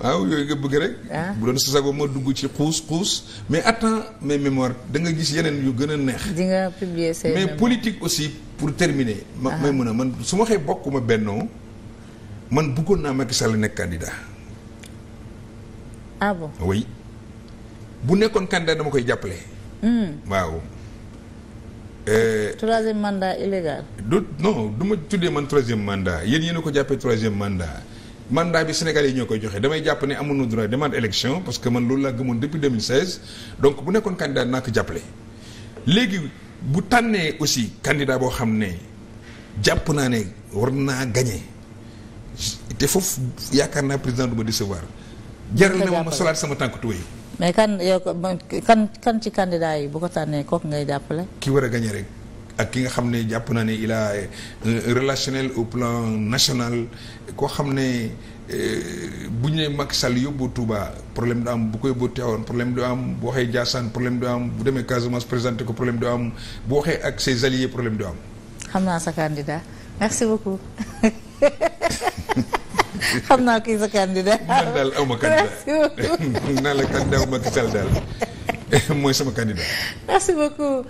waaw ah yooyu nga bëgg rek. Ah. bu doon sasago ma dugg ci xuus xuus. mais attends mais mémoires da nga gis yeneen yu gën a neex. di nga mais politique aussi pour terminer. ma ah. may mën a man su ma xee bokkuma bennoo man bëggoon naa Macky Sall nekk candidat. nekkoon candidat dama koy jàppale. Hmm. waaw. Euh, troisième mandat illégal. du non du ma tuddee man troisième mandat yéen yéen ko jàppee troisième mandat. mandaa bi sénégal yi ñoo koy joxe damay jàpp ni amoon ne amuñu droit demande élection parce que man loolu laa gëmoon depuis 2016 donc bu nekkoon candidat naa ko jàppale. léegi bu tànnee aussi candidat boo xam ne jàpp naa ne war naa gagné te foofu yaakaar naa président du ma décevoir. jaral ne ma ma solaat sama tànk tuwa mais kan yow kan kan ci candidat yi bu ko tànnee kooku ngay jàppale. ki war a gagné rek. ak ki nga xam ne jàpp naa ne il a euh, relationnel au plan national koo xam ne euh, bu ñu ne Macky Sall yóbbu Touba problème du am bu koy yóbbu Tivaouane problème du am bu waxee Diassane problème du am bu demee Casamance présenté ko problème du am bu waxee ak ses alliés problème du am. xam naa sa candidat merci beaucoup. xam naa kii sa candidat. mooy sama candidat. merci beaucoup.